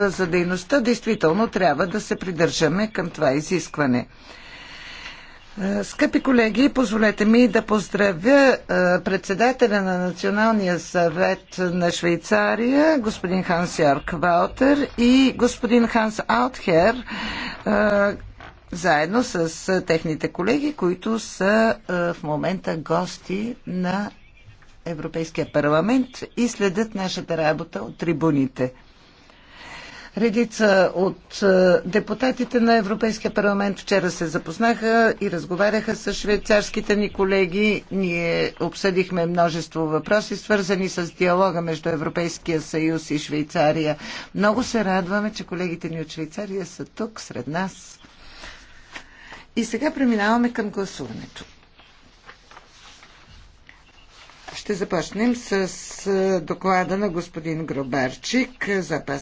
за дейността, действително трябва да се придържаме към това изискване. Е, скъпи колеги, позволете ми да поздравя е, председателя на Националния съвет на Швейцария, господин Ханс Йорк Валтер и господин Ханс Аутхер, е, заедно с техните колеги, които са в момента гости на Европейския парламент и следят нашата работа от трибуните. Редица от е, депутатите на Европейския парламент вчера се запознаха и разговаряха с швейцарските ни колеги. Ние обсъдихме множество въпроси, свързани с диалога между Европейския съюз и Швейцария. Много се радваме, че колегите ни от Швейцария са тук сред нас. И сега преминаваме към гласуването. Ще започнем с е, доклада на господин Гробарчик за